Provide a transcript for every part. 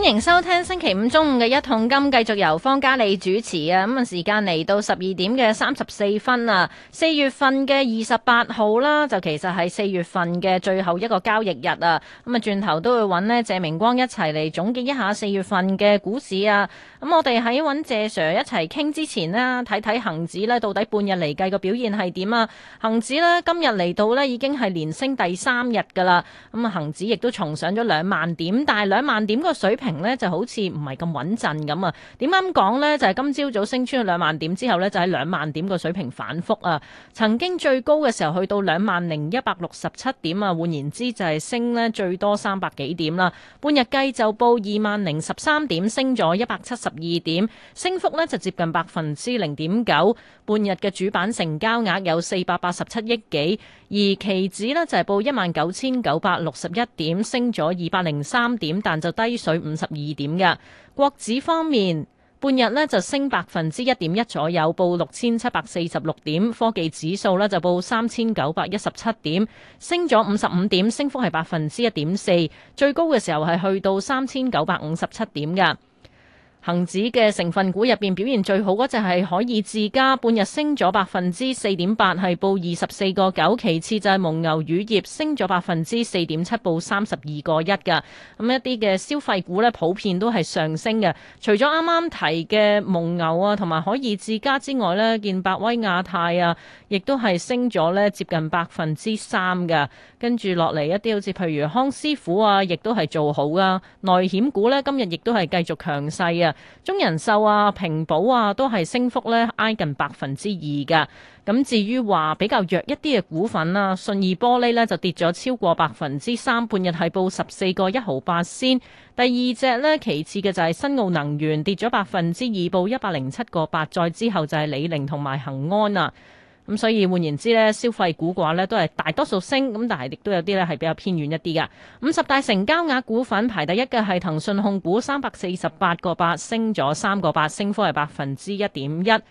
歡迎收聽星期五中午嘅一桶金，繼續由方嘉莉主持啊！咁啊，時間嚟到十二點嘅三十四分啦。四月份嘅二十八號啦，就其實係四月份嘅最後一個交易日啊。咁啊，轉頭都會揾呢謝明光一齊嚟總結一下四月份嘅股市啊。咁我哋喺揾謝 Sir 一齊傾之前呢，睇睇恒指呢到底半日嚟計個表現係點啊？恒指呢今日嚟到呢已經係連升第三日噶啦。咁啊，恒指亦都重上咗兩萬點，但係兩萬點個水平。呢就好似唔係咁穩陣咁啊。點啱咁講呢？就係、是、今朝早升穿咗兩萬點之後呢，就喺兩萬點個水平反覆啊。曾經最高嘅時候去到兩萬零一百六十七點啊，換言之就係升呢最多三百幾點啦。半日計就報二萬零十三點，升咗一百七十二點，升幅呢就接近百分之零點九。半日嘅主板成交額有四百八十七億幾，而期指呢就係報一萬九千九百六十一點，升咗二百零三點，但就低水五。十二點嘅國指方面，半日呢就升百分之一點一左右，報六千七百四十六點；科技指數呢就報三千九百一十七點，升咗五十五點，升幅係百分之一點四，最高嘅時候係去到三千九百五十七點㗎。恒指嘅成分股入邊表現最好嗰隻係海爾智家，半日升咗百分之四點八，係報二十四個九。其次就係蒙牛乳業，升咗百分之四點七，報三十二個一噶。咁一啲嘅消費股咧，普遍都係上升嘅。除咗啱啱提嘅蒙牛啊，同埋海爾智家之外咧，見百威亞太啊，亦都係升咗咧接近百分之三噶，跟住落嚟一啲好似譬如康師傅啊，亦都係做好啊。內險股咧今日亦都係繼續強勢啊。中人壽啊、平保啊，都係升幅咧挨近百分之二㗎。咁至於話比較弱一啲嘅股份啊，信義玻璃咧就跌咗超過百分之三，半日係報十四個一毫八仙。第二隻呢，其次嘅就係新奧能源跌咗百分之二，報一百零七個八。再之後就係李寧同埋恒安啊。咁所以換言之咧，消費股嘅話咧，都係大多數升，咁但係亦都有啲咧係比較偏遠一啲嘅。五十大成交額股份排第一嘅係騰訊控股，三百四十八個八，升咗三個八，升幅係百分之一點一。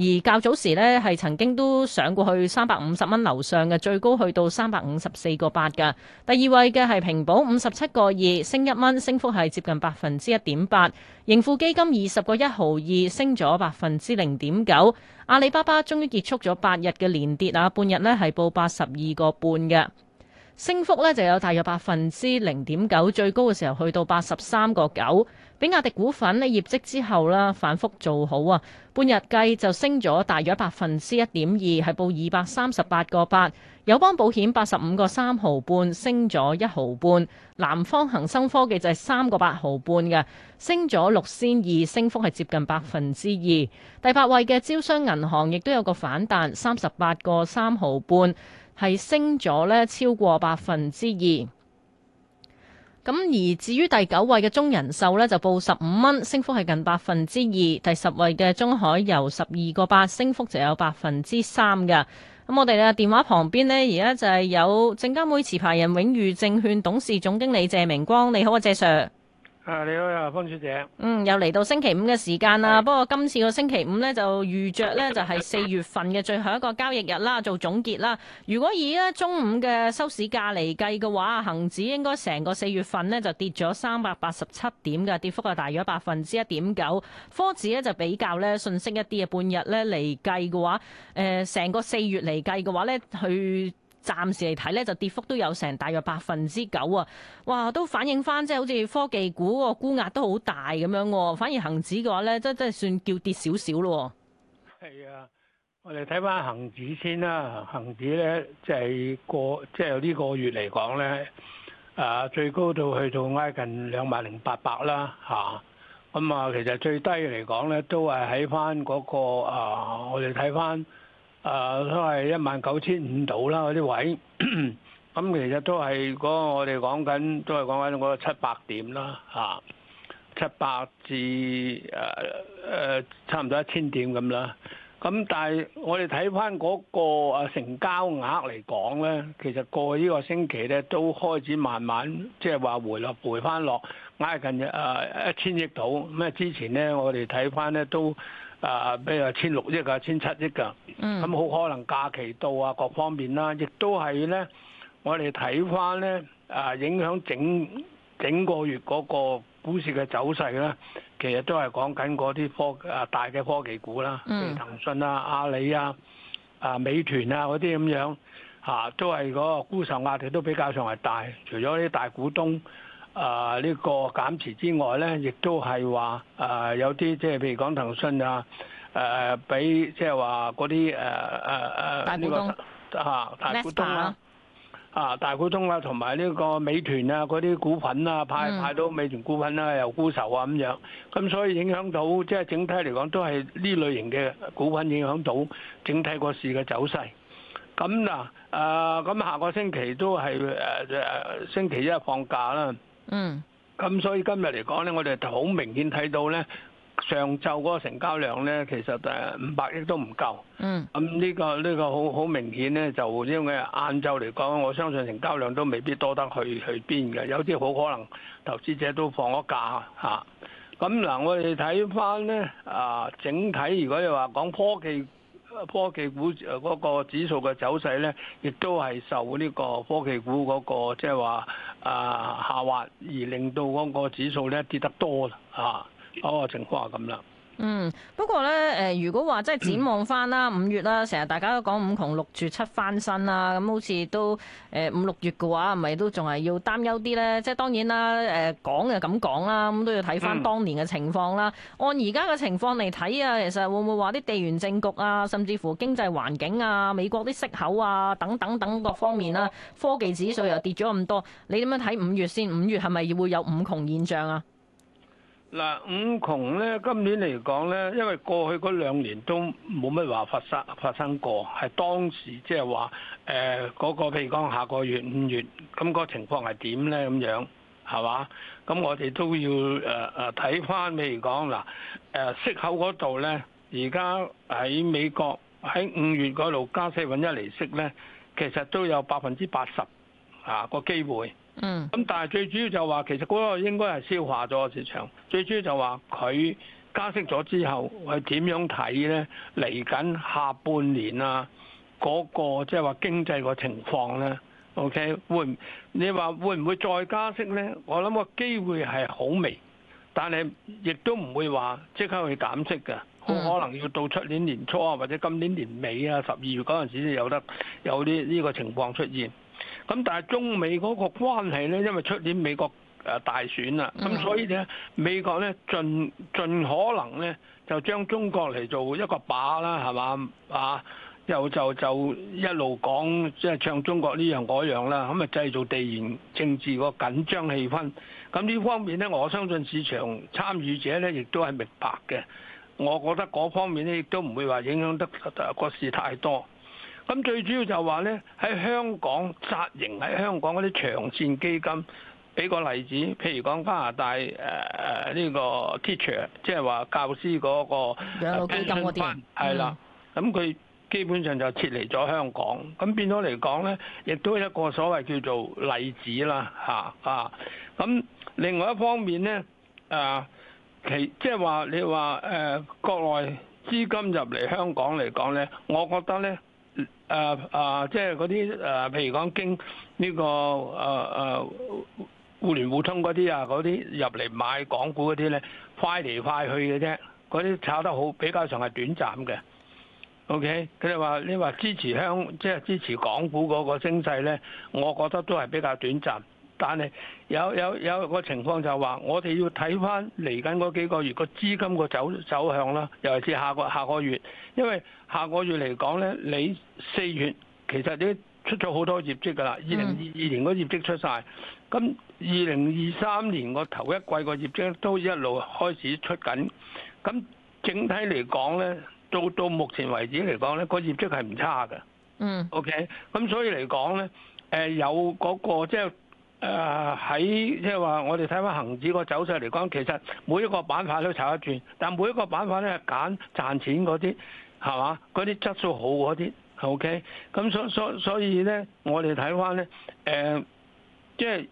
而較早時呢，係曾經都上過去三百五十蚊樓上嘅，最高去到三百五十四個八㗎。第二位嘅係平保五十七個二，升一蚊，升幅係接近百分之一點八。盈富基金二十個一毫二，升咗百分之零點九。阿里巴巴終於結束咗八日嘅連跌啊，半日呢係報八十二個半嘅。升幅咧就有大約百分之零點九，最高嘅時候去到八十三個九。比亞迪股份呢，業績之後啦，反覆做好啊，半日計就升咗大約百分之一點二，係報二百三十八個八。友邦保險八十五個三毫半，升咗一毫半。南方恒生科技就係三個八毫半嘅，升咗六仙二，升幅係接近百分之二。第八位嘅招商銀行亦都有個反彈，三十八個三毫半。係升咗咧超過百分之二，咁而至於第九位嘅中人壽咧就報十五蚊，升幅係近百分之二；第十位嘅中海油十二個八，升幅就有百分之三㗎。咁我哋嘅電話旁邊呢，而家就係有證監會持牌人永裕證券董事總經理謝明光，你好啊，謝 Sir。啊，你好啊，方小姐。嗯，又嚟到星期五嘅時間啦。的不過今次個星期五呢，就預着呢，就係、是、四月份嘅最後一個交易日啦，做總結啦。如果以呢中午嘅收市價嚟計嘅話，恒指應該成個四月份呢就跌咗三百八十七點嘅，跌幅係大約百分之一點九。科指呢就比較呢順息一啲啊，半日呢嚟計嘅話，誒、呃，成個四月嚟計嘅話呢，去。暫時嚟睇咧，就跌幅都有成大約百分之九啊！哇，都反映翻即係好似科技股個沽壓都好大咁樣喎。反而恒指嘅話咧，即即係算叫跌少少咯。係啊，我哋睇翻恒指先啦。恒指咧，即係個即係呢、即係即係、個月嚟講咧，啊最高到去到挨近兩萬零八百啦嚇。咁啊，其實最低嚟講咧，都係喺翻嗰個啊，我哋睇翻。誒、呃、都係一萬九千五度啦，嗰啲位咁，其實都係嗰、那個我哋講緊，都係講緊嗰七百點啦，嚇七百至誒誒、啊啊，差唔多一千點咁啦。咁、啊、但係我哋睇翻嗰個成交額嚟講咧，其實過去呢個星期咧都開始慢慢即係話回落回翻落，挨近誒一千億度。咁、嗯、啊，之前咧我哋睇翻咧都。啊，比如千六億啊，千七億噶，咁好可能假期到啊，各方面啦，亦都係咧，我哋睇翻咧，啊，影響整整個月嗰個股市嘅走勢咧，其實都係講緊嗰啲科啊大嘅科技股啦，譬如騰訊啊、阿里啊、啊美團啊嗰啲咁樣，啊都係嗰個沽售壓力都比較上係大，除咗啲大股東。啊！呢個減持之外咧，亦都係話啊，有啲即係譬如講騰訊啊，誒俾即係話嗰啲誒誒誒呢個啊，啊，啊，大，股啊大股東啊，啊大股東啊，同埋呢個美團啊嗰啲股份啊，派派到美團股份啊又沽售啊咁樣，咁所以影響到即係整體嚟講都係呢類型嘅股份影響到整體個市嘅走勢。咁嗱啊，咁下個星期都係誒誒星期一放假啦。嗯，咁所以今日嚟講咧，我哋好明顯睇到咧，上晝嗰個成交量咧，其實誒五百億都唔夠。嗯。咁、這個這個、呢個呢個好好明顯咧，就因為晏晝嚟講，我相信成交量都未必多得去去邊嘅，有啲好可能投資者都放咗假嚇。咁、啊、嗱，我哋睇翻咧啊，整體如果你話講科技。科技股嗰個指數嘅走勢咧，亦都係受呢個科技股嗰個即係話啊下滑而令到嗰個指數咧跌得多啦。吓，嗰個情況係咁啦。嗯，不過咧，誒、呃，如果話即係展望翻啦， 五月啦、啊，成日大家都講五窮六絕七翻身啦、啊，咁、嗯、好似都誒、呃、五六月嘅話，係咪都仲係要擔憂啲咧。即係當然啦，誒、呃、講就咁講啦，咁都要睇翻當年嘅情況啦。按而家嘅情況嚟睇啊，其實會唔會話啲地緣政局啊，甚至乎經濟環境啊，美國啲息口啊，等等等，等各方面啦、啊，科技指數又跌咗咁多，你點樣睇五月先？五月係咪會有五窮現象啊？嗱，五窮咧，今年嚟講咧，因為過去嗰兩年都冇乜話發生發生過，係當時即係話誒嗰個譬如講下個月五月，咁個情況係點咧，咁樣係嘛？咁我哋都要誒誒睇翻，譬如講嗱誒息口嗰度咧，而家喺美國喺五月嗰度加四分一釐息咧，其實都有百分之八十啊個機會。嗯，咁但係最主要就話，其實嗰個應該係消化咗個市場。最主要就話佢加息咗之後係點樣睇咧？嚟緊下半年啊，嗰個即係話經濟個情況咧，OK 會？你話會唔會再加息咧？我諗個機會係好微，但係亦都唔會話即刻去減息嘅，好可能要到出年年初啊，或者今年年尾啊，十二月嗰陣時就有得有啲呢個情況出現。咁但係中美嗰個關係呢，因為出年美國誒大選啦，咁所以呢，美國呢盡盡可能呢就將中國嚟做一個靶啦，係嘛啊？又就就一路講即係唱中國呢樣嗰樣啦，咁咪製造地緣政治個緊張氣氛。咁呢方面呢，我相信市場參與者呢亦都係明白嘅。我覺得嗰方面呢，亦都唔會話影響得誒個市太多。咁最主要就係話咧，喺香港紮營喺香港嗰啲長線基金，俾個例子，譬如講加拿大誒誒呢個 teacher，即係話教師嗰、嗰個基金嗰啲係啦。咁佢、嗯嗯、基本上就撤離咗香港。咁變咗嚟講咧，亦都係一個所謂叫做例子啦嚇啊。咁、啊啊、另外一方面咧，啊其即係話你話誒、呃、國內資金入嚟香港嚟講咧，我覺得咧。誒誒、呃呃，即係嗰啲誒，譬如講經呢、這個誒誒、呃呃、互聯互通嗰啲啊，嗰啲入嚟買港股嗰啲咧，快嚟快去嘅啫。嗰啲炒得好比較上係短暫嘅。OK，佢哋話你話支持香，即係支持港股嗰個升勢咧，我覺得都係比較短暫。但係有有有個情況就係話，我哋要睇翻嚟緊嗰幾個月個資金個走走向啦，尤其是下個下個月，因為下個月嚟講咧，你四月其實你都出咗好多業績噶啦，二零二二年個業績出晒，咁二零二三年個頭一季個業績都一路開始出緊，咁整體嚟講咧，到到目前為止嚟講咧，個業績係唔差嘅。嗯。OK。咁所以嚟講咧，誒有嗰、嗰個即係。誒喺即係話，呃就是、我哋睇翻恒指個走勢嚟講，其實每一個板塊都炒得轉，但每一個板塊咧揀賺錢嗰啲，係嘛？嗰啲質素好嗰啲，OK。咁所所所以咧，我哋睇翻咧，誒、呃，即係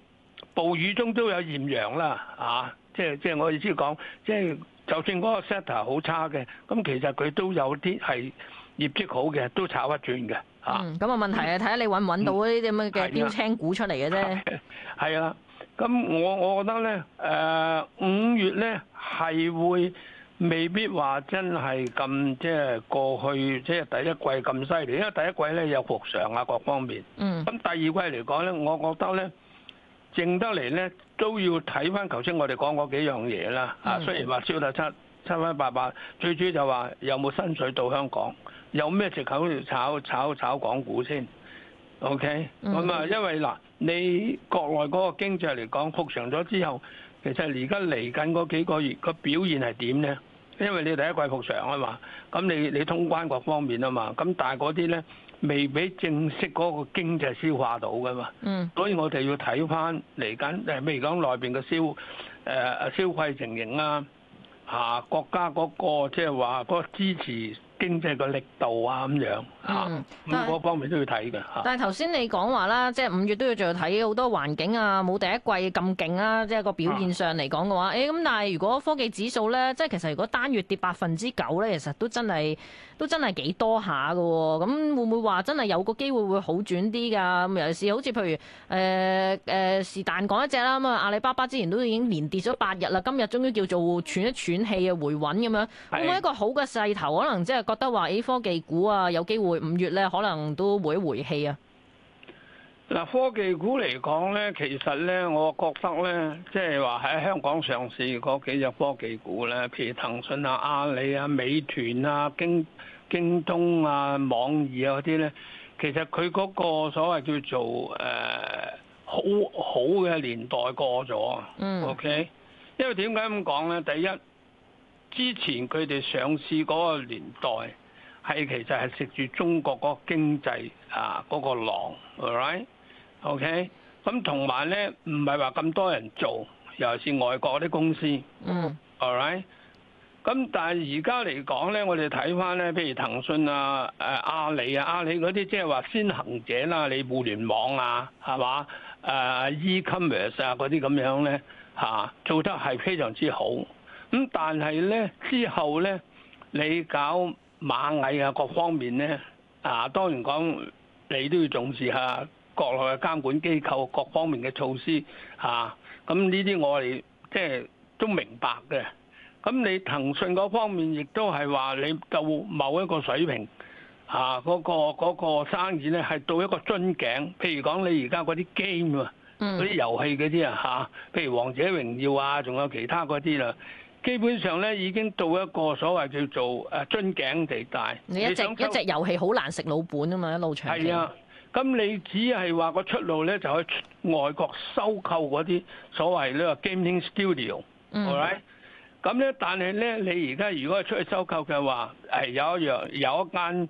暴雨中都有豔陽啦，啊！即係即係我意思講，即係就算嗰個 setter 好差嘅，咁其實佢都有啲係業績好嘅，都炒得轉嘅。嗯，咁、那、啊、個、問題啊，睇下你揾唔揾到呢啲咁嘅標青股出嚟嘅啫。係啊，咁我我覺得咧，誒、呃、五月咧係會未必話真係咁即係過去即係第一季咁犀利，因為第一季咧有復常啊各方面。嗯。咁第二季嚟講咧，我覺得咧，剩得嚟咧都要睇翻頭先我哋講嗰幾樣嘢啦。嗯。雖然話燒得七七分八八，最主要就話有冇薪水到香港。有咩藉口要炒炒炒港股先？OK，咁啊、mm，hmm. 因為嗱，你國內嗰個經濟嚟講，復常咗之後，其實而家嚟緊嗰幾個月個表現係點咧？因為你第一季復常啊嘛，咁你你通關各方面啊嘛，咁但係嗰啲咧未俾正式嗰個經濟消化到㗎嘛。嗯、mm，hmm. 所以我哋要睇返嚟緊誒，譬如講內邊嘅消誒消費情形啊，啊國家嗰、嗰個即係話嗰支持。經濟嘅力度啊咁樣啊，咁、嗯、各方面都要睇嘅、嗯、但係頭先你講話啦，即係五月都要仲要睇好多環境啊，冇第一季咁勁啊，即、就、係、是、個表現上嚟講嘅話，誒咁、嗯哎。但係如果科技指數呢，即係其實如果單月跌百分之九呢，其實都真係都真係幾多下㗎喎。咁會唔會話真係有個機會會好轉啲㗎？尤其是好似譬如誒誒是但講一隻啦，咁啊阿里巴巴之前都已經連跌咗八日啦，今日終於叫做喘一喘氣啊回穩咁樣，是會唔會一個好嘅勢頭可能即係？覺得話誒科技股啊有機會五月咧可能都會回氣啊！嗱，科技股嚟講咧，其實咧，我覺得咧，即係話喺香港上市嗰幾隻科技股咧，譬如騰訊啊、阿里啊、美團啊、京京東啊、網易啊嗰啲咧，其實佢嗰個所謂叫做誒、呃、好好嘅年代過咗啊，嗯！OK，因為點解咁講咧？第一之前佢哋上市嗰個年代係其實係食住中國嗰個經濟啊嗰、嗰個狼，All right？OK？咁同埋咧唔係話咁多人做，尤其是外國啲公司，嗯，All right？咁但係而家嚟講咧，我哋睇翻咧，譬如騰訊啊、誒阿里啊、阿里嗰啲即係話先行者啦，你互聯網啊，係嘛？誒 e-commerce 啊嗰啲咁樣咧吓、啊、做得係非常之好。咁但係咧之後咧，你搞螞蟻啊各方面咧，啊當然講你都要重視下國內嘅監管機構各方面嘅措施啊。咁呢啲我哋即係都明白嘅。咁你騰訊嗰方面亦都係話你到某一個水平啊，嗰個、嗰個生意咧係到一個樽頸。譬如講你而家嗰啲 game 啊，嗰啲遊戲嗰啲啊吓，譬如王者榮耀啊，仲有其他嗰啲啦。基本上咧已經到一個所謂叫做誒樽頸地帶。你一隻，你一隻遊戲好難食老本啊嘛，一路長線。係啊，咁你只係話個出路咧，就去外國收購嗰啲所謂 studio、嗯、呢個 gaming studio，Alright？咁咧，但係咧，你而家如果係出去收購嘅話，係有一樣有一間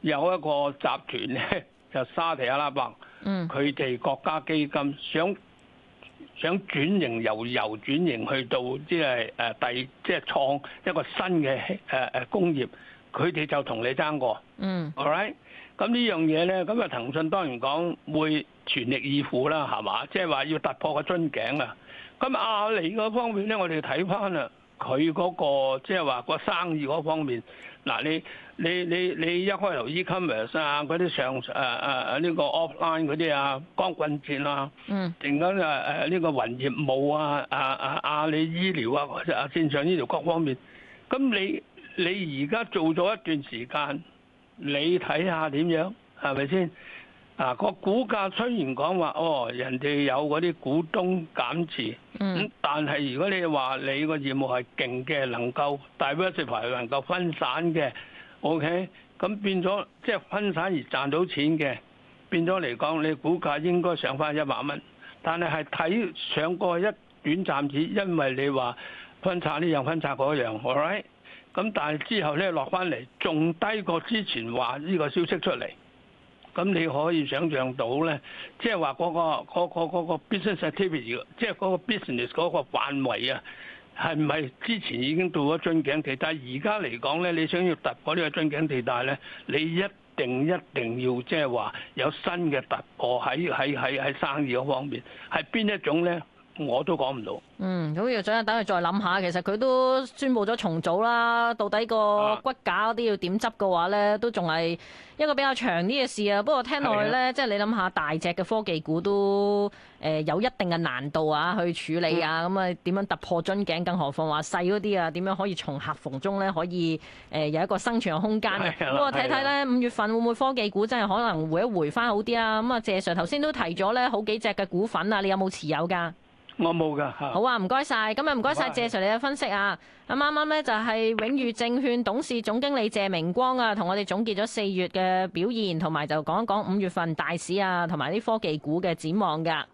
有一個集團咧， 就沙地阿拉伯，佢哋、嗯、國家基金想。想轉型，由由轉型去到即係誒第即係創一個新嘅誒誒工業，佢哋就同你爭過。嗯，all right。咁呢樣嘢咧，咁啊騰訊當然講會全力以赴啦，係嘛？即係話要突破個樽頸啊！咁阿里嗰方面咧，我哋睇返啦。佢嗰、那個即係話個生意嗰方面，嗱你你你你一開頭 e-commerce 啊嗰啲上誒誒誒呢個 offline 嗰啲啊，光棍節啊，啊這個、啊戰啊嗯，突然間誒呢個雲業務啊啊啊阿里醫療啊啊線上醫療各方面，咁你你而家做咗一段時間，你睇下點樣，係咪先？啊，個股價雖然講話，哦，人哋有嗰啲股東減持，咁、嗯、但係如果你話你個業務係勁嘅，能夠 diversify 能夠分散嘅，OK，咁變咗即係分散而賺到錢嘅，變咗嚟講，你股價應該上翻一百蚊，但係係睇上過一短暫時，因為你話分拆呢樣分拆嗰樣，right，咁但係之後咧落翻嚟仲低過之前話呢個消息出嚟。咁你可以想象到咧，即係話嗰個嗰、那個那個、business activity，即係嗰個 business 嗰個範圍啊，係唔係之前已經到咗樽頸期？但係而家嚟講咧，你想要突破呢個樽頸地帶咧，你一定一定要即係話有新嘅突破喺喺喺喺生意嗰方面，係邊一種咧？我都講唔到。嗯，咁要總等佢再諗下。其實佢都宣佈咗重組啦。到底個骨架嗰啲要點執嘅話呢都仲係一個比較長啲嘅事啊。不過聽落去呢，的即係你諗下大隻嘅科技股都誒有一定嘅難度啊，去處理啊，咁啊點樣突破樽頸？更何況話細嗰啲啊，點樣可以從夾縫中呢可以誒有一個生存嘅空間？不過睇睇呢，五月份會唔會科技股真係可能會一回翻好啲啊？咁啊，謝 Sir 頭先都提咗呢好幾隻嘅股份啊，你有冇持有㗎？我冇噶，好啊！唔該晒，咁啊唔該晒，謝 Sir 你嘅分析啊！咁啱啱咧，就係永裕證券董事總經理謝明光啊，同我哋總結咗四月嘅表現，同埋就講一講五月份大市啊，同埋啲科技股嘅展望噶。